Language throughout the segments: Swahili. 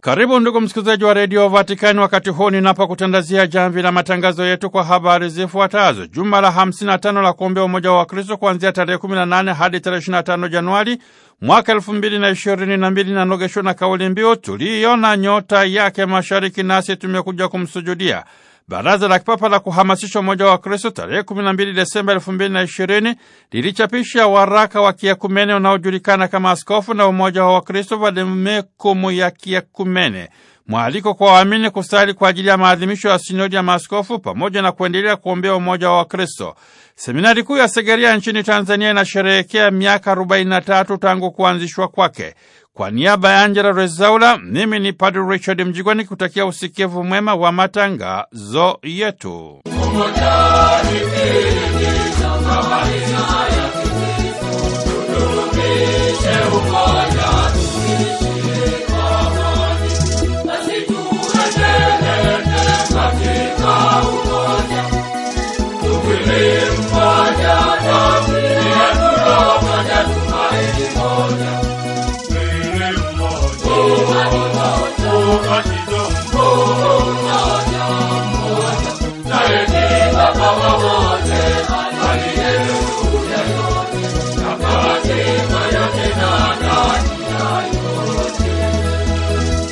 Karibu ndugu msikilizaji wa redio Vatikani, wakati huu ninapokutandazia jamvi la matangazo yetu kwa habari zifuatazo. Juma la 55 la kuombea umoja wa Kristo kuanzia tarehe 18 hadi tarehe 25 Januari mwaka 2022, nanogeshwa na kauli mbiu tuliiona nyota yake mashariki, nasi tumekuja kumsujudia. Baraza la Kipapa la Kuhamasisha Umoja wa Kristo tarehe 12 Desemba 2020 lilichapisha waraka wa kiekumene unaojulikana kama Askofu na Umoja wa Wakristo, vademekumu ya kiekumene, mwaliko kwa waamini kustali kwa ajili ya maadhimisho ya sinodi ya maaskofu pamoja na kuendelea kuombea umoja wa Wakristo. Seminari kuu ya segeria nchini Tanzania inasherehekea miaka 43 tangu kuanzishwa kwake. Kwa niaba ya Angela Rezaula, mimi ni Padre Richard Mjigwa nikutakia usikivu mwema wa matangazo yetu.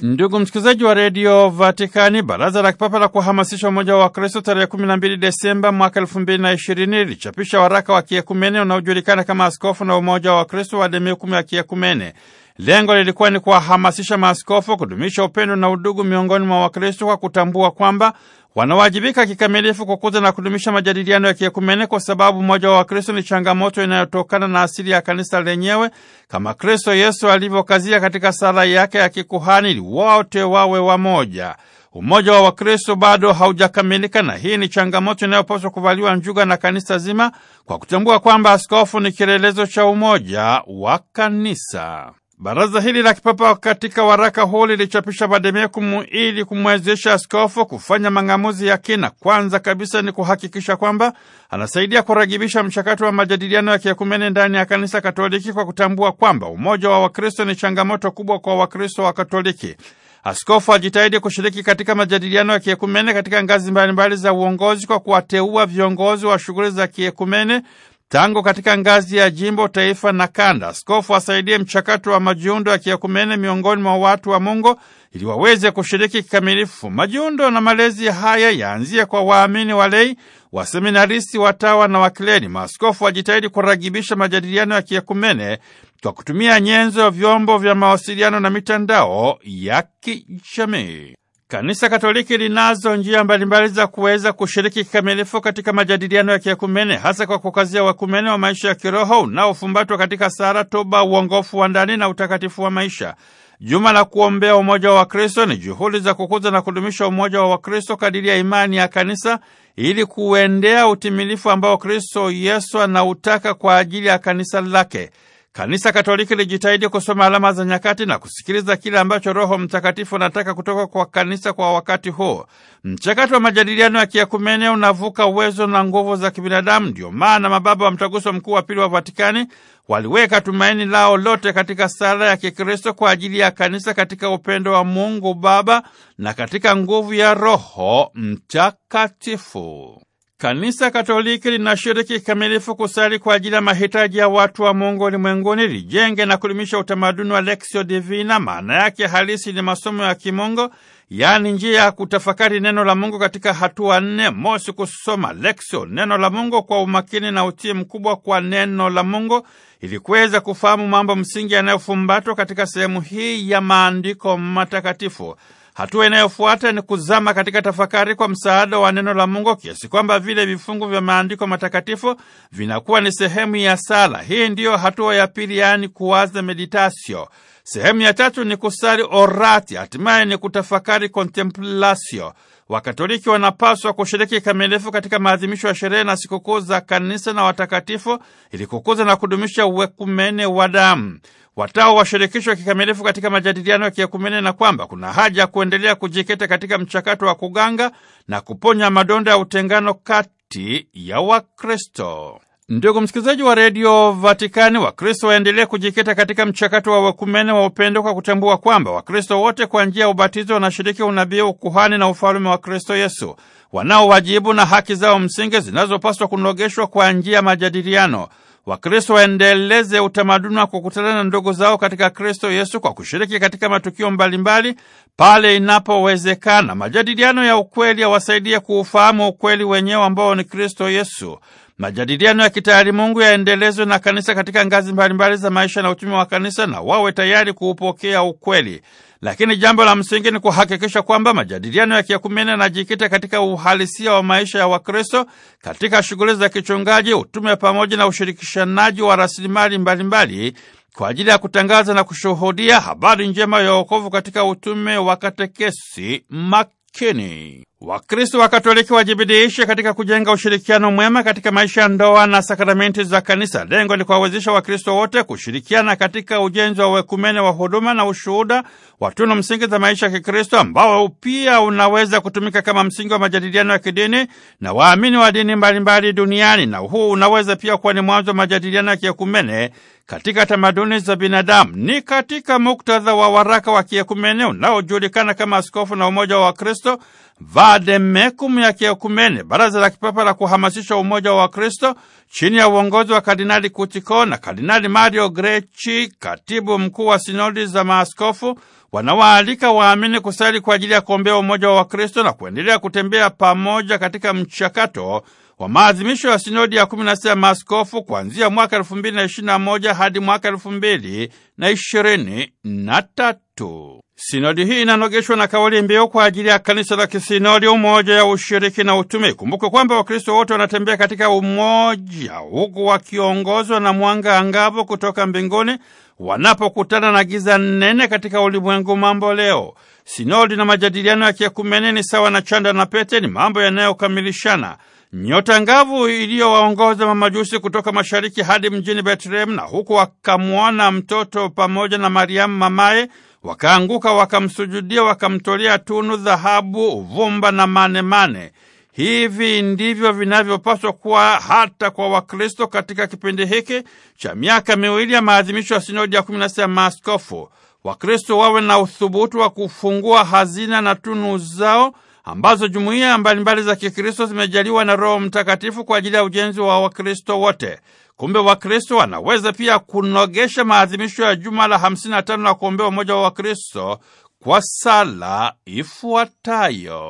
Ndugu msikilizaji wa redio Vatikani, baraza la kipapa la kuhamasisha umoja wa Wakristo tarehe 12 Desemba mwaka 2020 lilichapisha waraka wa kiekumene unaojulikana kama askofu na umoja wa Wakristo wa demi kumi wa kiekumene. Lengo lilikuwa ni kuwahamasisha maaskofu kudumisha upendo na udugu miongoni mwa Wakristo kwa kutambua kwamba wanawajibika kikamilifu kukuza na kudumisha majadiliano ya kiekumene kwa sababu umoja wa Wakristo ni changamoto inayotokana na asili ya kanisa lenyewe, kama Kristo Yesu alivyokazia katika sala yake ya kikuhani, wote wawe wamoja. Umoja wa Wakristo bado haujakamilika na hii ni changamoto inayopaswa kuvaliwa njuga na kanisa zima kwa kutambua kwamba askofu ni kielelezo cha umoja wa kanisa. Baraza hili la kipapa katika waraka huu lilichapisha vademekumu ili kumwezesha askofu kufanya mang'amuzi ya kina. Kwanza kabisa ni kuhakikisha kwamba anasaidia kuragibisha mchakato wa majadiliano ya kiekumene ndani ya kanisa Katoliki kwa kutambua kwamba umoja wa Wakristo ni changamoto kubwa kwa Wakristo wa Katoliki. Askofu ajitahidi kushiriki katika majadiliano ya kiekumene katika ngazi mbalimbali za uongozi kwa kuwateua viongozi wa shughuli za kiekumene tangu katika ngazi ya jimbo, taifa na kanda. Askofu asaidie mchakato wa majiundo ya kiakumene miongoni mwa watu wa Mungu ili waweze kushiriki kikamilifu. Majiundo na malezi haya yaanzie kwa waamini walei, waseminaristi, watawa na wakleri. Maaskofu wajitahidi kuragibisha majadiliano ya kiakumene kwa kutumia nyenzo ya vyombo vya mawasiliano na mitandao ya kijamii. Kanisa Katoliki linazo njia mbalimbali za kuweza kushiriki kikamilifu katika majadiliano ya kiekumene, hasa kwa kukazia wakumene wa maisha ya kiroho unaofumbatwa katika sara toba, uongofu wa ndani na utakatifu wa maisha. Juma la kuombea umoja wa Wakristo ni juhudi za kukuza na kudumisha umoja wa Wakristo kadiri ya imani ya kanisa ili kuendea utimilifu ambao Kristo Yesu anautaka kwa ajili ya kanisa lake. Kanisa Katoliki lijitahidi kusoma alama za nyakati na kusikiliza kile ambacho Roho Mtakatifu anataka kutoka kwa kanisa kwa wakati huo. Mchakato wa majadiliano ya kiakumene unavuka uwezo na nguvu za kibinadamu. Ndio maana mababa wa Mtaguso Mkuu wa Pili wa Vatikani waliweka tumaini lao lote katika sala ya Kikristo kwa ajili ya kanisa katika upendo wa Mungu Baba na katika nguvu ya Roho Mtakatifu. Kanisa Katoliki linashiriki kikamilifu kusali kwa ajili ya mahitaji ya watu wa Mungu ulimwenguni, lijenge na kudumisha utamaduni wa Lexio Divina. Maana yake halisi ni masomo ya kimungu, yaani njia ya kutafakari neno la Mungu katika hatua nne. Mosi, kusoma Lexio, neno la Mungu, kwa umakini na utii mkubwa kwa neno la Mungu ili kuweza kufahamu mambo msingi yanayofumbatwa katika sehemu hii ya maandiko matakatifu. Hatua inayofuata ni kuzama katika tafakari kwa msaada wa neno la Mungu kiasi kwamba vile vifungu vya maandiko matakatifu vinakuwa ni sehemu ya sala. Hii ndiyo hatua ya pili, yaani kuwaza meditasio. Sehemu ya tatu ni kusali orati, hatimaye ni kutafakari contemplatio. Wakatoliki wanapaswa kushiriki kikamilifu katika maadhimisho ya sherehe na sikukuu za kanisa na watakatifu ili kukuza na kudumisha uwekumene wa damu. watao washirikishwe kikamilifu katika majadiliano ya kiekumene na kwamba kuna haja ya kuendelea kujikita katika mchakato wa kuganga na kuponya madonda ya utengano kati ya Wakristo. Ndugu msikilizaji wa redio Vatikani, Wakristo waendelee kujikita katika mchakato wa wakumene wa upendo kwa kutambua kwamba Wakristo wote kwa njia ya ubatizo wanashiriki unabii, ukuhani na ufalume wa Kristo Yesu, wanao wajibu na haki zao msingi zinazopaswa kunogeshwa kwa njia ya majadiliano. Wakristo waendeleze utamaduni wa kukutana na ndugu zao katika Kristo Yesu kwa kushiriki katika matukio mbalimbali pale inapowezekana. Majadiliano ya ukweli yawasaidie kuufahamu ukweli wenyewe ambao ni Kristo Yesu. Majadiliano ya mungu yaendelezwe na kanisa katika ngazi mbalimbali za maisha na utumi wa kanisa, na wawe tayari kuupokea ukweli. Lakini jambo la msingi ni kuhakikisha kwamba majadiliano ya yanajikita katika uhalisia wa maisha ya Wakristo katika shughuli za kichungaji, utume, pamoja na ushirikishanaji wa rasilimali mbalimbali kwa ajili ya kutangaza na kushuhudia habari njema ya wokovu katika utume wa katekesi makini. Wakristo Wakatoliki wajibidiishe katika kujenga ushirikiano mwema katika maisha ya ndoa na sakramenti za Kanisa. Lengo ni kuwawezesha Wakristo wote kushirikiana katika ujenzi wa wekumene wa huduma na ushuhuda wa tunu msingi za maisha ya Kikristo, ambao pia unaweza kutumika kama msingi wa majadiliano ya kidini na waamini wa dini mbalimbali duniani, na huu unaweza pia kuwa ni mwanzo wa majadiliano ya kiekumene katika tamaduni za binadamu. Ni katika muktadha wa waraka wa kiekumene unaojulikana kama Askofu na Umoja wa Wakristo Vademecum ya kiekumene, baraza la kipapa la kuhamasisha umoja wa Kristo chini ya uongozi wa Kardinali Kutiko na Kardinali Mario grechi katibu mkuu wa sinodi za maaskofu, wanawaalika waamini kusali kwa ajili ya kuombea umoja wa Kristo na kuendelea kutembea pamoja katika mchakato wa maadhimisho ya sinodi ya 16 ya maaskofu kuanzia mwaka 2021 hadi mwaka 2023. Sinodi hii inanogeshwa na kauli mbiu kwa ajili ya kanisa la kisinodi, umoja ya ushiriki na utume. Kumbuke kwamba Wakristo wote wanatembea katika umoja, huku wakiongozwa na mwanga angavu kutoka mbinguni wanapokutana na giza nene katika ulimwengu mambo leo. Sinodi na majadiliano ya kiekumene ni sawa na chanda na pete, ni mambo yanayokamilishana. Nyota ngavu iliyowaongoza mamajusi kutoka mashariki hadi mjini Betlehemu, na huku wakamwona mtoto pamoja na Mariamu mamaye Wakaanguka wakamsujudia, wakamtolea tunu, dhahabu, uvumba na manemane mane. Hivi ndivyo vinavyopaswa kuwa hata kwa Wakristo katika kipindi hiki cha miaka miwili ya maadhimisho ya sinodi ya 16 ya maaskofu. Wakristo wawe na uthubutu wa kufungua hazina na tunu zao ambazo jumuiya mbalimbali za Kikristo zimejaliwa na Roho Mtakatifu kwa ajili ya ujenzi wa Wakristo wote. Kumbe Wakristo wanaweza pia kunogesha maadhimisho ya juma la 55 la kuombea umoja wa Wakristo kwa sala ifuatayo.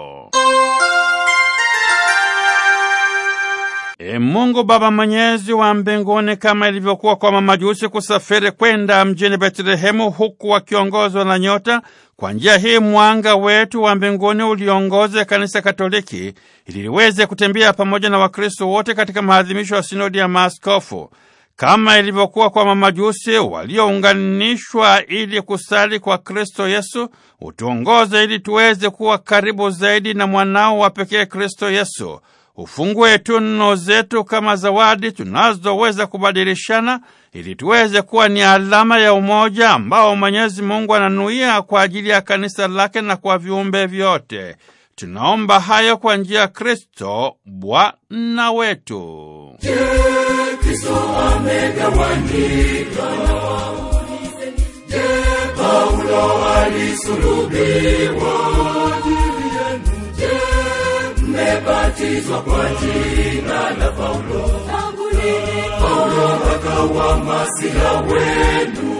E Mungu Baba Mwenyezi wa mbinguni, kama ilivyokuwa kwa mamajusi kusafiri kwenda mjini Betlehemu huku wakiongozwa na nyota, kwa njia hii mwanga wetu wa mbinguni uliongoze Kanisa Katoliki ili liweze kutembea pamoja na Wakristo wote katika maadhimisho ya sinodi ya maaskofu kama ilivyokuwa kwa mamajusi waliounganishwa ili kusali kwa Kristo Yesu, utuongoze ili tuweze kuwa karibu zaidi na mwanao wa pekee Kristo Yesu ufungue tuno zetu kama zawadi tunazoweza kubadilishana ili tuweze kuwa ni alama ya umoja ambao Mwenyezi Mungu ananuia kwa ajili ya kanisa lake na kwa viumbe vyote. Tunaomba hayo kwa njia ya Kristo Bwana wetu. Je, Kristo amegawanyika? Je, Paulo alisulubiwa? nimebatizwa kwa jina la Paulo, Paulo masiha wenu.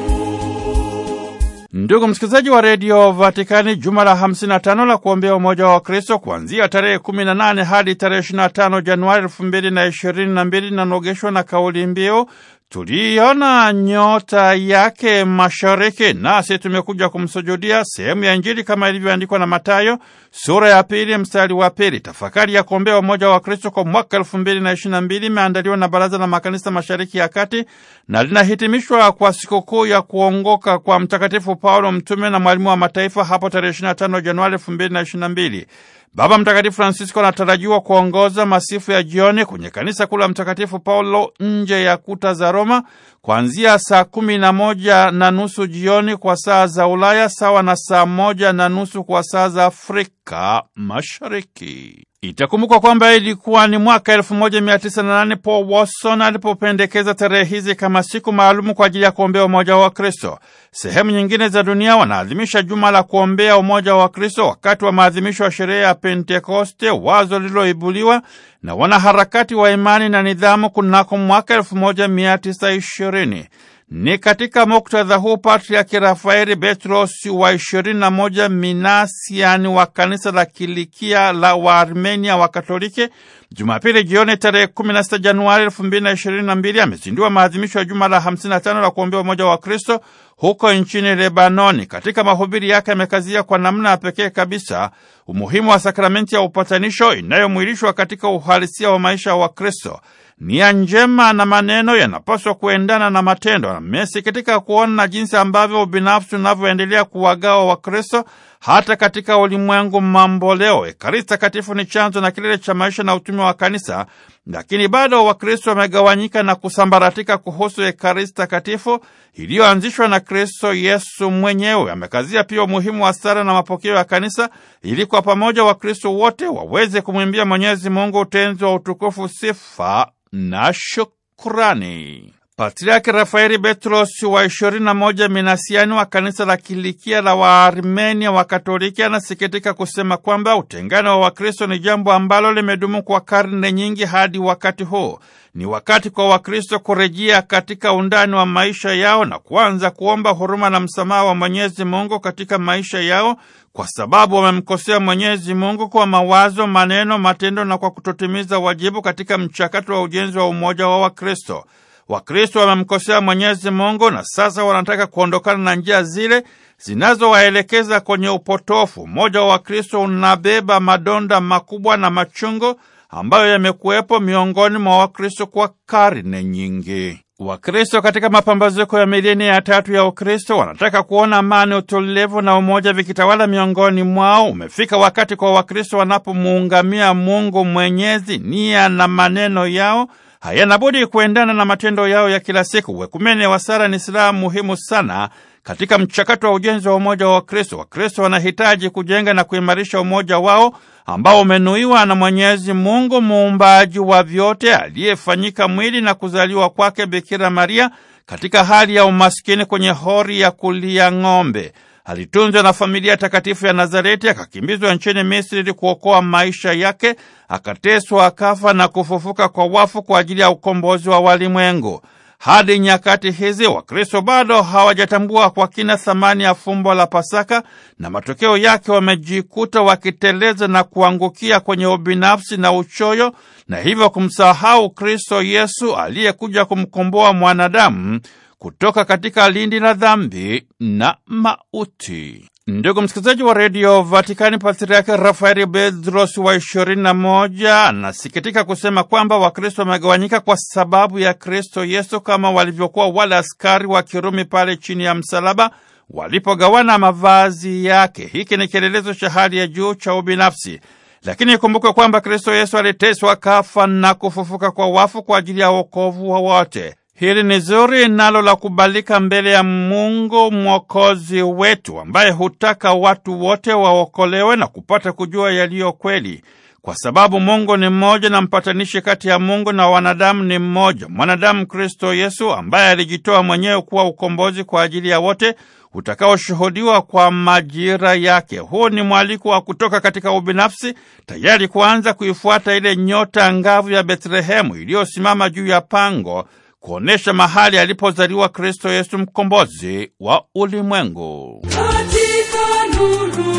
Ndugu msikilizaji wa redio Vatikani, juma la 55 la kuombea umoja wa Kristo kuanzia tarehe 18 hadi tarehe 25 Januari 2022 linanogeshwa na kauli mbiu tuliona nyota yake mashariki, nasi tumekuja kumsujudia, sehemu ya Injili kama ilivyoandikwa na Matayo sura ya pili mstari wa pili. Tafakari ya kuombea umoja wa Kristo kwa mwaka elfu mbili na ishirini na mbili imeandaliwa na Baraza la Makanisa Mashariki ya Kati na linahitimishwa kwa sikukuu ya kuongoka kwa Mtakatifu Paulo mtume na mwalimu wa mataifa hapo tarehe tano Januari elfu mbili na ishirini na mbili. Baba Mtakatifu Francisco anatarajiwa kuongoza masifu ya jioni kwenye kanisa kuu la Mtakatifu Paulo nje ya kuta za Roma kuanzia saa kumi na moja na nusu jioni kwa saa za Ulaya sawa na saa moja na nusu kwa saa za Afrika Mashariki. Itakumbukwa kwamba ilikuwa ni mwaka 1908 Paul Watson alipopendekeza tarehe hizi kama siku maalumu kwa ajili ya kuombea umoja wa Kristo. Sehemu nyingine za dunia wanaadhimisha juma la kuombea umoja wa Kristo wakati wa maadhimisho ya sherehe ya Pentekoste, wazo lililoibuliwa na wanaharakati wa imani na nidhamu kunako mwaka 1920. Ni katika muktadha huu Patriaki Rafaeli Petros wa 21 Minasian yaani wa kanisa la Kilikia la Waarmenia wa Katoliki Jumapili jioni tarehe 16 Januari 2022 amezindua maadhimisho ya juma la 55 la kuombea umoja wa Kristo huko nchini Lebanoni. Katika mahubiri yake amekazia kwa namna ya pekee kabisa umuhimu wa sakramenti ya upatanisho inayomwilishwa katika uhalisia wa maisha wa Kristo. Nia njema na maneno yanapaswa kuendana na matendo. Amesikitika kuona jinsi ambavyo ubinafsi unavyoendelea kuwagawa Wakristo hata katika ulimwengu mambo leo. Ekaristi Takatifu ni chanzo na kilele cha maisha na utume wa Kanisa, lakini bado Wakristo wamegawanyika na kusambaratika kuhusu Ekaristi Takatifu iliyoanzishwa na Kristo Yesu mwenyewe. Amekazia pia umuhimu wa sala na mapokeo ya Kanisa ili kwa pamoja Wakristo wote waweze kumwimbia Mwenyezi Mungu utenzi wa utukufu, sifa na shukrani. Patriaki Rafaeli Petros wa 21 Minasiani wa kanisa la Kilikia la Waarmenia wa Katoliki anasikitika kusema kwamba utengano wa Wakristo ni jambo ambalo limedumu kwa karne nyingi hadi wakati huu. Ni wakati kwa Wakristo kurejea katika undani wa maisha yao na kuanza kuomba huruma na msamaha wa Mwenyezi Mungu katika maisha yao kwa sababu wamemkosea Mwenyezi Mungu kwa mawazo, maneno, matendo na kwa kutotimiza wajibu katika mchakato wa ujenzi wa umoja wa Wakristo. Wakristo wamemkosea Mwenyezi Mungu na sasa wanataka kuondokana na njia zile zinazowaelekeza kwenye upotofu. Mmoja wa Wakristo unabeba madonda makubwa na machungu ambayo yamekuwepo miongoni mwa Wakristo kwa karne nyingi. Wakristo katika mapambazuko ya milenia ya tatu ya Ukristo wanataka kuona amani, utulivu na umoja vikitawala miongoni mwao. Umefika wakati kwa Wakristo wanapomuungamia Mungu Mwenyezi, nia na maneno yao hayanabudi kuendana na matendo yao ya kila siku. Wekumene wa sara ni silaha muhimu sana katika mchakato wa ujenzi wa umoja wa Wakristo, Wakristo wanahitaji kujenga na kuimarisha umoja wao ambao umenuiwa na Mwenyezi Mungu muumbaji wa vyote, aliyefanyika mwili na kuzaliwa kwake Bikira Maria katika hali ya umaskini kwenye hori ya kulia ng'ombe. Alitunzwa na familia takatifu ya Nazareti, akakimbizwa nchini Misri ili kuokoa maisha yake, akateswa, akafa na kufufuka kwa wafu kwa ajili ya ukombozi wa walimwengu. Hadi nyakati hizi Wakristo bado hawajatambua kwa kina thamani ya fumbo la Pasaka, na matokeo yake wamejikuta wakiteleza na kuangukia kwenye ubinafsi na uchoyo, na hivyo kumsahau Kristo Yesu aliyekuja kumkomboa mwanadamu kutoka katika lindi la dhambi na mauti. Ndugu msikilizaji wa redio Vatikani, Patriaki Rafaeli Bedros wa ishirini na moja anasikitika kusema kwamba Wakristo wamegawanyika kwa sababu ya Kristo Yesu, kama walivyokuwa wale askari wa Kirumi pale chini ya msalaba walipogawana mavazi yake. Hiki ni kielelezo cha hali ya juu cha ubinafsi, lakini ikumbukwe kwamba Kristo Yesu aliteswa, kafa na kufufuka kwa wafu kwa ajili ya wokovu wa wote. Hili ni zuri nalo la kubalika mbele ya Mungu mwokozi wetu, ambaye hutaka watu wote waokolewe na kupata kujua yaliyo kweli, kwa sababu Mungu ni mmoja na mpatanishi kati ya Mungu na wanadamu ni mmoja, mwanadamu Kristo Yesu, ambaye alijitoa mwenyewe kuwa ukombozi kwa ajili ya wote utakaoshuhudiwa kwa majira yake. Huu ni mwaliko wa kutoka katika ubinafsi, tayari kuanza kuifuata ile nyota angavu ya Bethlehemu iliyosimama juu ya pango kuonesha mahali alipozaliwa Kristo Yesu mkombozi wa ulimwengu. Katika nuru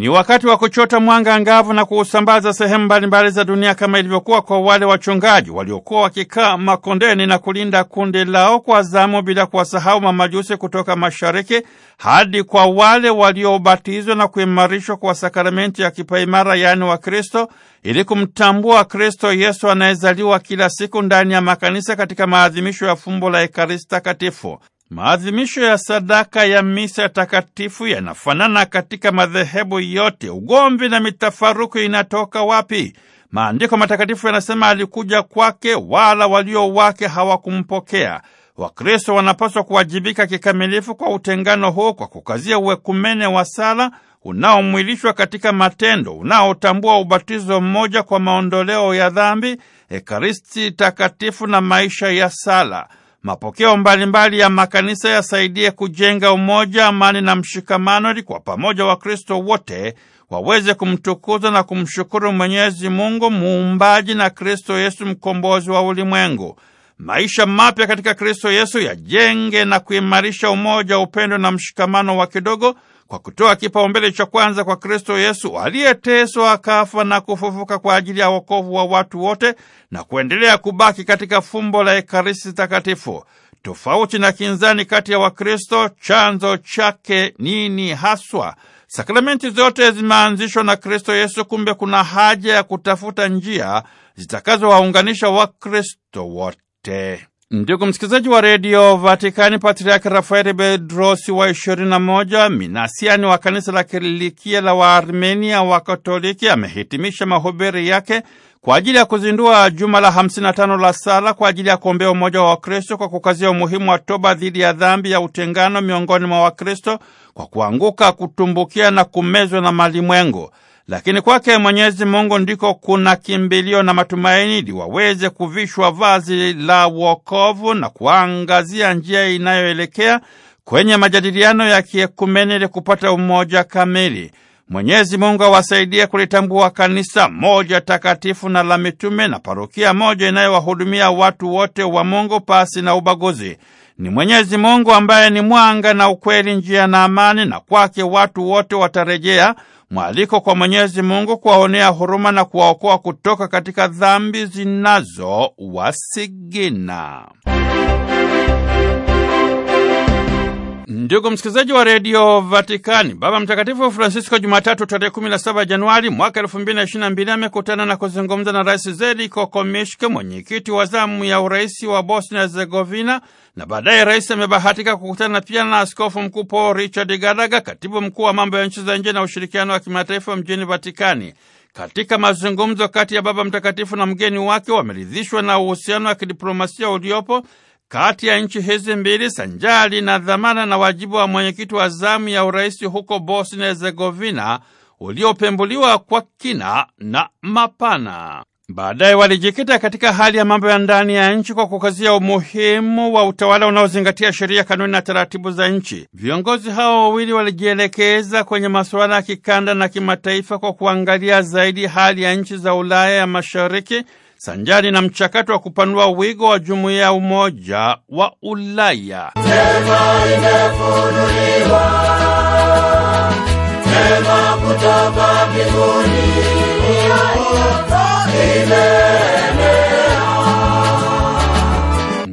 Ni wakati wa kuchota mwanga angavu na kuusambaza sehemu mbalimbali za dunia kama ilivyokuwa kwa wale wachungaji waliokuwa wakikaa makondeni na kulinda kundi lao kwa zamu bila kuwasahau mamajusi kutoka mashariki hadi kwa wale waliobatizwa na kuimarishwa kwa sakramenti ya kipaimara yaani Wakristo ili kumtambua Kristo Yesu anayezaliwa kila siku ndani ya makanisa katika maadhimisho ya fumbo la Ekaristi Takatifu. Maadhimisho ya sadaka ya misa takatifu yanafanana katika madhehebu yote. Ugomvi na mitafaruku inatoka wapi? Maandiko matakatifu yanasema alikuja kwake, wala walio wake hawakumpokea. Wakristo wanapaswa kuwajibika kikamilifu kwa utengano huu kwa kukazia uwekumene wa sala unaomwilishwa katika matendo, unaotambua ubatizo mmoja kwa maondoleo ya dhambi, Ekaristi takatifu na maisha ya sala mapokeo mbalimbali ya makanisa yasaidie kujenga umoja, amani na mshikamano, ili kwa pamoja Wakristo wote waweze kumtukuza na kumshukuru Mwenyezi Mungu muumbaji na Kristo Yesu mkombozi wa ulimwengu. Maisha mapya katika Kristo Yesu yajenge na kuimarisha umoja, upendo na mshikamano wa kidogo kwa kutoa kipaumbele cha kwanza kwa Kristo Yesu aliyeteswa akafa na kufufuka kwa ajili ya wokovu wa watu wote na kuendelea kubaki katika fumbo la Ekaristi Takatifu. Tofauti na kinzani kati ya Wakristo, chanzo chake nini haswa? Sakramenti zote zimeanzishwa na Kristo Yesu, kumbe kuna haja ya kutafuta njia zitakazowaunganisha Wakristo wote. Ndugu msikilizaji wa redio Vatikani, Patriaki Rafaeli Bedrosi wa 21 minasiani wa kanisa la Kilikia la Waarmenia wa Katoliki amehitimisha mahubiri yake kwa ajili ya kuzindua juma la 55 la sala kwa ajili ya kuombea umoja wa Wakristo kwa kukazia umuhimu wa toba dhidi ya dhambi ya utengano miongoni mwa Wakristo kwa kuanguka, kutumbukia na kumezwa na malimwengu lakini kwake Mwenyezi Mungu ndiko kuna kimbilio na matumaini, ili waweze kuvishwa vazi la wokovu na kuangazia njia inayoelekea kwenye majadiliano ya kiekumeni ili kupata umoja kamili. Mwenyezi Mungu awasaidie kulitambua kanisa moja takatifu na la mitume na parokia moja inayowahudumia watu wote wa Mungu pasi na ubaguzi. Ni Mwenyezi Mungu ambaye ni mwanga na ukweli, njia na amani, na kwake watu wote watarejea mwaliko kwa Mwenyezi Mungu kuwaonea huruma na kuwaokoa kutoka katika dhambi zinazo wasigina. Ndugu msikilizaji wa redio Vatikani, Baba Mtakatifu Francisco Jumatatu tarehe 17 Januari mwaka 2022 amekutana na kuzungumza na Rais Zeliko Komishke, mwenyekiti wa zamu ya urais wa Bosnia Herzegovina, na baadaye rais amebahatika kukutana pia na askofu mkuu Paul Richard Garaga, katibu mkuu wa mambo ya nchi za nje na ushirikiano wa kimataifa mjini Vatikani. Katika mazungumzo kati ya Baba Mtakatifu na mgeni wake, wameridhishwa na uhusiano wa kidiplomasia uliopo kati ya nchi hizi mbili sanjali na dhamana na wajibu wa mwenyekiti wa zamu ya urais huko Bosnia Herzegovina uliopembuliwa kwa kina na mapana. Baadaye walijikita katika hali ya mambo ya ndani ya nchi kwa kukazia umuhimu wa utawala unaozingatia sheria, kanuni na taratibu za nchi. Viongozi hao wawili walijielekeza kwenye masuala ya kikanda na kimataifa kwa kuangalia zaidi hali ya nchi za Ulaya ya Mashariki sanjari na mchakato wa kupanua wigo wa jumuiya ya Umoja wa Ulaya. Tena imefunuliwa tena kutoka mbinguni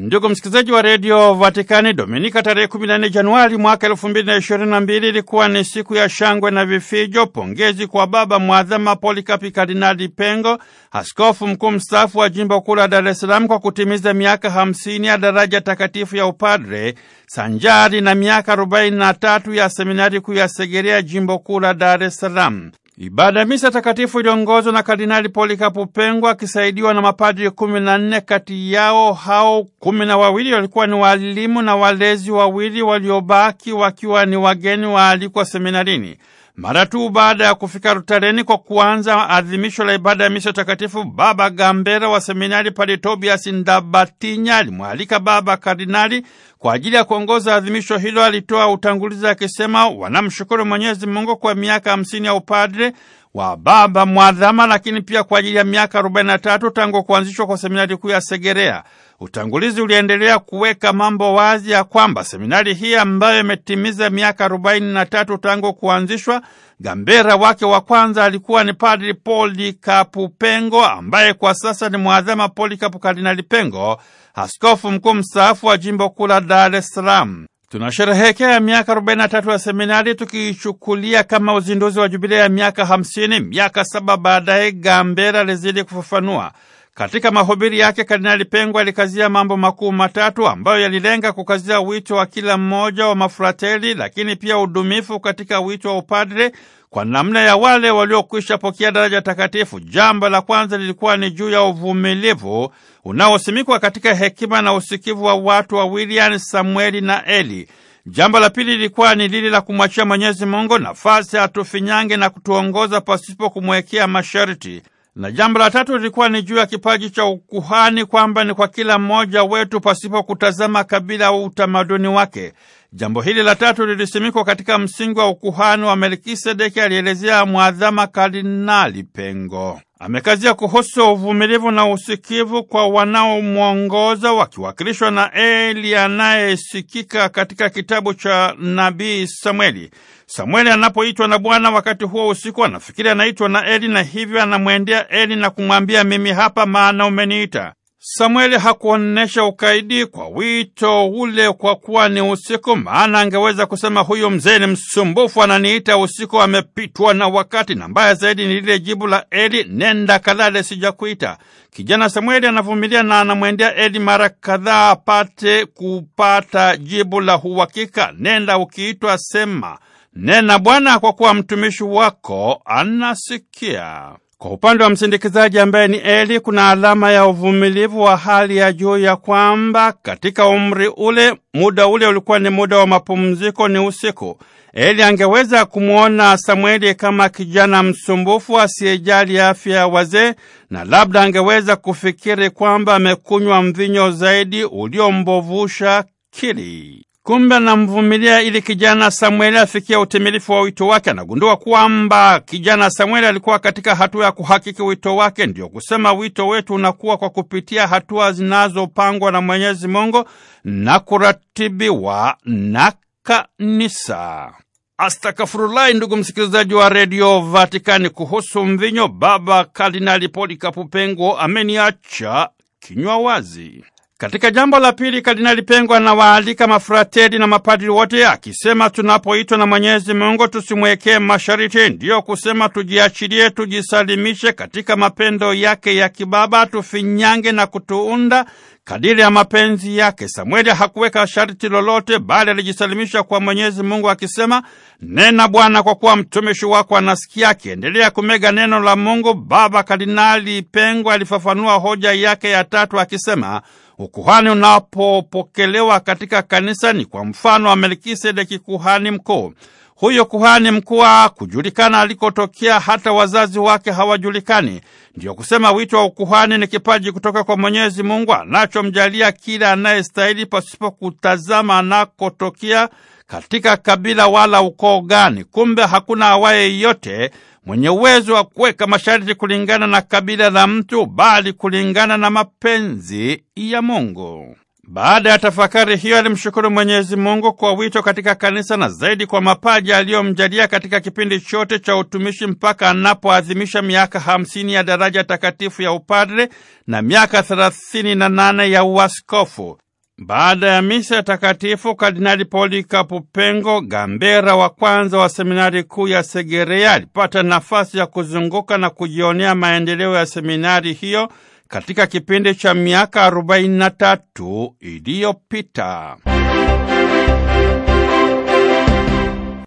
Ndugu msikilizaji wa redio Vatikani, Dominika tarehe 14 Januari mwaka 2022 ilikuwa ni siku ya shangwe na vifijo, pongezi kwa Baba Mwadhama Polikapi Kardinali Pengo, askofu mkuu mstaafu wa jimbo kuu la Dar es Salaam, kwa kutimiza miaka 50 ya daraja takatifu ya upadre sanjari na miaka 43 ya seminari kuu ya Segerea, jimbo kuu la Dar es Salaam. Ibada ya misa takatifu iliongozwa na Kardinali Polikapu Pengo akisaidiwa na mapadri kumi na nne. Kati yao hao kumi na wawili walikuwa ni walimu na walezi wawili waliobaki wakiwa ni wageni waalikwa seminarini mara tu baada ya kufika Rutareni kwa kuanza adhimisho la ibada ya misa takatifu, Baba Gambera wa seminari Padre Tobias Ndabatinya alimwalika Baba Kardinali kwa ajili ya kuongoza adhimisho hilo. Alitoa utangulizi akisema wanamshukuru Mwenyezi Mungu kwa miaka hamsini ya upadre wa baba mwadhama, lakini pia kwa ajili ya miaka 43 tangu kuanzishwa kwa seminari kuu ya Segerea. Utangulizi uliendelea kuweka mambo wazi ya kwamba seminari hii ambayo imetimiza miaka 43 tangu kuanzishwa, gambera wake wa kwanza alikuwa ni Padri Polikapu Pengo ambaye kwa sasa ni mwadhama Polikapu Kardinali Pengo, askofu mkuu mstaafu wa jimbo kuu la Dar es Salaam. Tunasherehekea miaka 43 ya seminari tukiichukulia kama uzinduzi wa jubilia ya miaka 50. Miaka saba baadaye, Gambera alizidi kufafanua. Katika mahubiri yake, Kardinali Pengo alikazia mambo makuu matatu ambayo yalilenga kukazia wito wa kila mmoja wa mafrateli, lakini pia udumifu katika wito wa upadre kwa namna ya wale waliokwisha pokea daraja takatifu. Jambo la kwanza lilikuwa ni juu ya uvumilivu unaosimikwa katika hekima na usikivu wa watu wa William Samueli na Eli. Jambo la pili lilikuwa ni lili la kumwachia Mwenyezi Mungu nafasi atufinyange na kutuongoza pasipo kumwekea masharti, na jambo la tatu lilikuwa ni juu ya kipaji cha ukuhani, kwamba ni kwa kila mmoja wetu pasipo kutazama kabila au utamaduni wake. Jambo hili la tatu lilisimikwa katika msingi wa ukuhani wa Melkisedeki, alielezea mwadhama Kardinali Pengo. Amekazia kuhusu uvumilivu na usikivu kwa wanaomwongoza wakiwakilishwa na Eli anayesikika katika kitabu cha nabii Samueli. Samueli anapoitwa na Bwana wakati huo usiku, anafikiri anaitwa na Eli na hivyo anamwendea Eli na kumwambia, mimi hapa, maana umeniita. Samueli hakuonyesha ukaidi kwa wito ule, kwa kuwa ni usiku. Maana angeweza kusema huyu mzee ni msumbufu, ananiita usiku, amepitwa na wakati. Na mbaya zaidi ni lile jibu la Eli, nenda kalale, sijakuita. Kijana Samueli anavumilia na anamwendea Eli mara kadhaa apate kupata jibu la uhakika, nenda, ukiitwa sema, nena Bwana, kwa kuwa mtumishi wako anasikia. Kwa upande wa msindikizaji ambaye ni Eli, kuna alama ya uvumilivu wa hali ya juu ya kwamba katika umri ule, muda ule ulikuwa ni muda wa mapumziko, ni usiku. Eli angeweza kumwona Samueli kama kijana msumbufu asiyejali afya ya wazee, na labda angeweza kufikiri kwamba amekunywa mvinyo zaidi uliombovusha akili. Kumbe anamvumilia ili kijana Samueli afikia utimilifu wa wito wake. Anagundua kwamba kijana Samueli alikuwa katika hatua ya kuhakiki wito wake. Ndiyo kusema wito wetu unakuwa kwa kupitia hatua zinazopangwa na Mwenyezi Mungu na kuratibiwa na kanisa. astakafurulai ndugu msikilizaji wa redio Vatikani. Kuhusu mvinyo, Baba Kardinali Polikapu Pengo ameniacha kinywa wazi. Katika jambo la pili, Kardinali Pengo anawaalika mafrateli na mapadri wote akisema, tunapoitwa na Mwenyezi Mungu tusimwekee mashariti, ndiyo kusema tujiachilie, tujisalimishe katika mapendo yake ya kibaba, tufinyange na kutuunda kadiri ya mapenzi yake. Samueli hakuweka sharti lolote, bali alijisalimisha kwa Mwenyezi Mungu akisema, nena Bwana, kwa kuwa mtumishi wako anasikia. Akiendelea kumega neno la Mungu, Baba Kardinali Pengo alifafanua hoja yake ya tatu akisema Ukuhani unapopokelewa katika kanisa ni kwa mfano wa Melkisedeki kuhani mkuu. Huyo kuhani mkuu kujulikana alikotokea, hata wazazi wake hawajulikani. Ndiyo kusema wito wa ukuhani ni kipaji kutoka kwa Mwenyezi Mungu anachomjalia kila anayestahili, pasipo kutazama anakotokea katika kabila wala ukoo gani. Kumbe hakuna awaye yote mwenye uwezo wa kuweka masharti kulingana na kabila la mtu, bali kulingana na mapenzi ya Mungu. Baada ya tafakari hiyo, alimshukuru Mwenyezi Mungu kwa wito katika kanisa na zaidi kwa mapaja aliyomjalia katika kipindi chote cha utumishi mpaka anapoadhimisha miaka hamsini ya daraja takatifu ya upadre na miaka thelathini na nane ya uaskofu. Baada ya misa takatifu, Kardinali Polikapu Pengo Gambera wa kwanza wa seminari kuu ya Segerea alipata nafasi ya kuzunguka na kujionea maendeleo ya seminari hiyo katika kipindi cha miaka 43 iliyopita.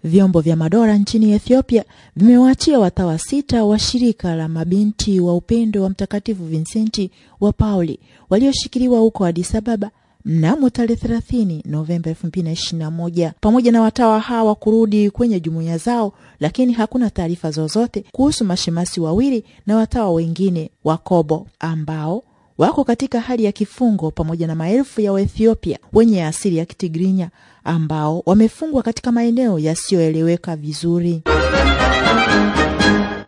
Vyombo vya madola nchini Ethiopia vimewaachia watawa sita wa shirika la mabinti wa upendo wa Mtakatifu Vincenti wa Pauli walioshikiliwa huko Addis Ababa mnamo tarehe 30 Novemba 2021 pamoja na watawa hawa kurudi kwenye jumuiya zao, lakini hakuna taarifa zozote kuhusu mashemasi wawili na watawa wengine wa Kobo ambao wako katika hali ya kifungo pamoja na maelfu ya Waethiopia wenye asili ya Kitigrinya ambao wamefungwa katika maeneo yasiyoeleweka vizuri.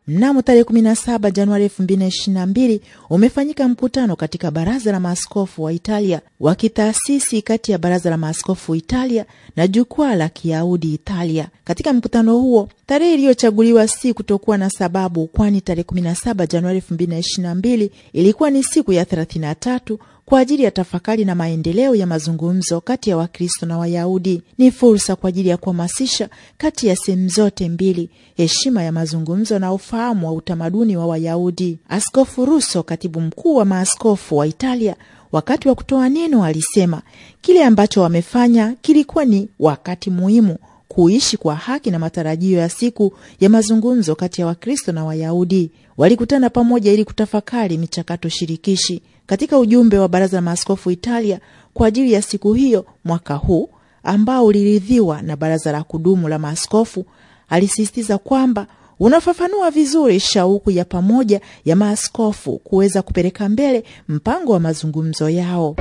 Mnamo tarehe 17 Januari 2022 umefanyika mkutano katika baraza la maaskofu wa Italia wa kitaasisi kati ya baraza la maaskofu Italia na jukwaa la Kiyahudi Italia. Katika mkutano huo, tarehe iliyochaguliwa si kutokuwa na sababu, kwani tarehe 17 Januari 2022 ilikuwa ni siku ya 33 kwa ajili ya tafakari na maendeleo ya mazungumzo kati ya Wakristo na Wayahudi. Ni fursa kwa ajili ya kuhamasisha kati ya sehemu zote mbili heshima ya mazungumzo na ufahamu wa utamaduni wa Wayahudi. Askofu Russo, katibu mkuu wa maaskofu wa Italia, wakati wa kutoa neno alisema kile ambacho wamefanya kilikuwa ni wakati muhimu kuishi kwa haki na matarajio ya siku ya mazungumzo kati ya Wakristo na Wayahudi. Walikutana pamoja ili kutafakari michakato shirikishi katika ujumbe wa baraza la maaskofu Italia kwa ajili ya siku hiyo mwaka huu ambao uliridhiwa na baraza la kudumu la maaskofu, alisisitiza kwamba unafafanua vizuri shauku ya pamoja ya maaskofu kuweza kupeleka mbele mpango wa mazungumzo yao.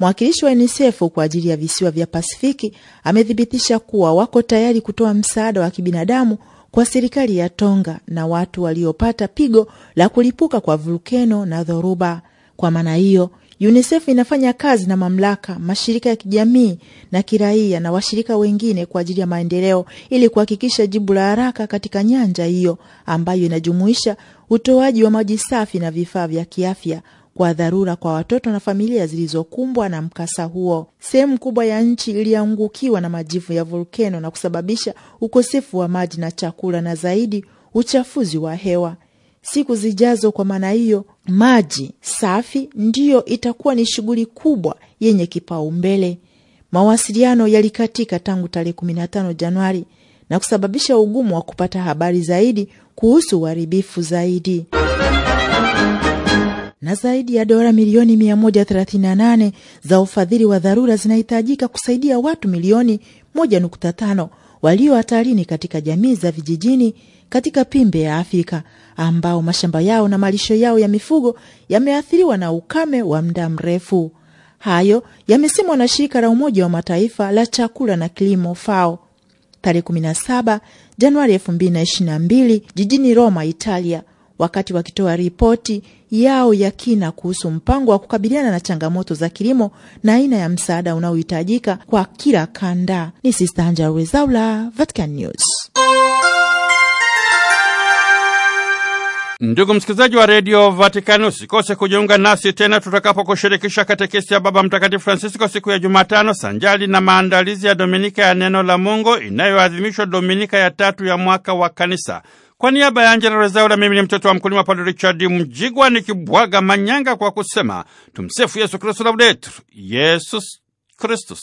Mwakilishi wa UNICEF kwa ajili ya visiwa vya Pasifiki amethibitisha kuwa wako tayari kutoa msaada wa kibinadamu kwa serikali ya Tonga na watu waliopata pigo la kulipuka kwa vulkeno na dhoruba. Kwa maana hiyo, UNICEF inafanya kazi na mamlaka, mashirika ya kijamii na kiraia na washirika wengine kwa ajili ya maendeleo ili kuhakikisha jibu la haraka katika nyanja hiyo ambayo inajumuisha utoaji wa maji safi na vifaa vya kiafya, kwa dharura kwa watoto na familia zilizokumbwa na mkasa huo. Sehemu kubwa ya nchi iliangukiwa na majivu ya volkeno na kusababisha ukosefu wa maji na chakula na zaidi uchafuzi wa hewa. Siku zijazo, kwa maana hiyo, maji safi ndiyo itakuwa ni shughuli kubwa yenye kipaumbele. Mawasiliano yalikatika tangu tarehe 15 Januari na kusababisha ugumu wa kupata habari zaidi kuhusu uharibifu zaidi na zaidi ya dola milioni 138 za ufadhili wa dharura zinahitajika kusaidia watu milioni 1.5 walio hatarini katika jamii za vijijini katika pembe ya Afrika ambao mashamba yao na malisho yao ya mifugo yameathiriwa na ukame wa muda mrefu. Hayo yamesemwa na shirika la Umoja wa Mataifa la chakula na kilimo FAO tarehe 17 Januari 2022 jijini Roma, Italia, wakati wakitoa ripoti yao ya kina kuhusu mpango wa kukabiliana na changamoto za kilimo na aina ya msaada unaohitajika kwa kila kanda. Ni Sista Angela Rwezaula, Vatican News. Ndugu msikilizaji wa redio Vatikani, usikose kujiunga nasi tena tutakapokushirikisha katekesi ya Baba Mtakatifu Francisco siku ya Jumatano, sanjali na maandalizi ya Dominika ya Neno la Mungu inayoadhimishwa Dominika ya tatu ya mwaka wa Kanisa. Kwa niaba ya Angela Rezaula, mimi ni mtoto wa mkulima Padre Richard Mjigwa nikibwaga manyanga kwa kusema tumsifu Yesu Kristu, laudetur Yesus Kristus.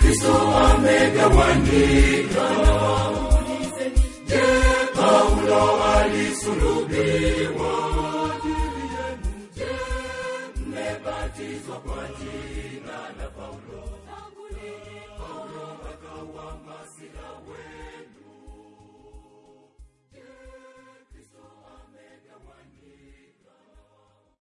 Kristo amegawanyika